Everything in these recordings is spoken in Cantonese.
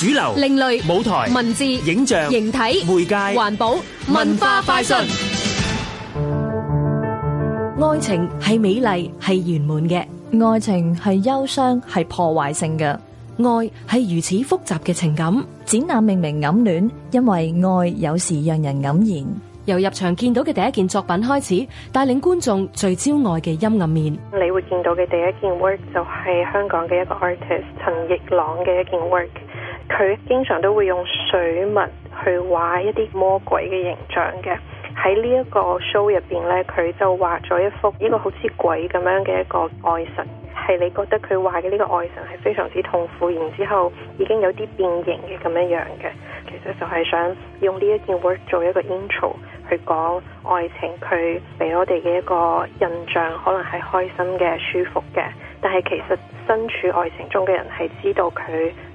主流、另類舞台、文字、影像、形體、媒介、環保、文化快訊。愛情係美麗，係圓滿嘅；愛情係憂傷，係破壞性嘅。愛係如此複雜嘅情感。展覽命名暗戀，因為愛有時讓人黯然。由入場見到嘅第一件作品開始，帶領觀眾聚焦愛嘅陰暗面。你會見到嘅第一件 work 就係香港嘅一個 artist 陳奕朗嘅一件 work。佢經常都會用水墨去畫一啲魔鬼嘅形象嘅。喺呢一個 show 入邊呢，佢就畫咗一幅一個好似鬼咁樣嘅一個愛神，係你覺得佢畫嘅呢個愛神係非常之痛苦，然之後已經有啲變形嘅咁樣樣嘅。其實就係想用呢一件 work 做一個 intro 去講愛情，佢俾我哋嘅一個印象可能係開心嘅、舒服嘅，但係其實身處愛情中嘅人係知道佢。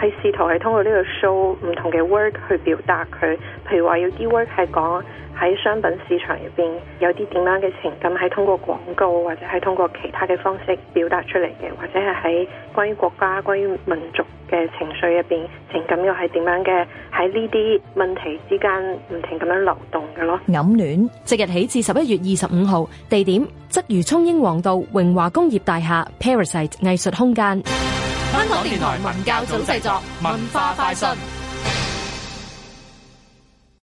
係試圖係通過呢個 show 唔同嘅 work 去表達佢，譬如話有啲 work 係講喺商品市場入邊有啲點樣嘅情感，係通過廣告或者係通過其他嘅方式表達出嚟嘅，或者係喺關於國家、關於民族嘅情緒入邊情感又係點樣嘅？喺呢啲問題之間唔停咁樣流動嘅咯。暗戀即日起至十一月二十五號，地點則如聰英皇道榮華工業大廈 Parasite 藝術空間。香港電台文教組製作，文、文化快訊。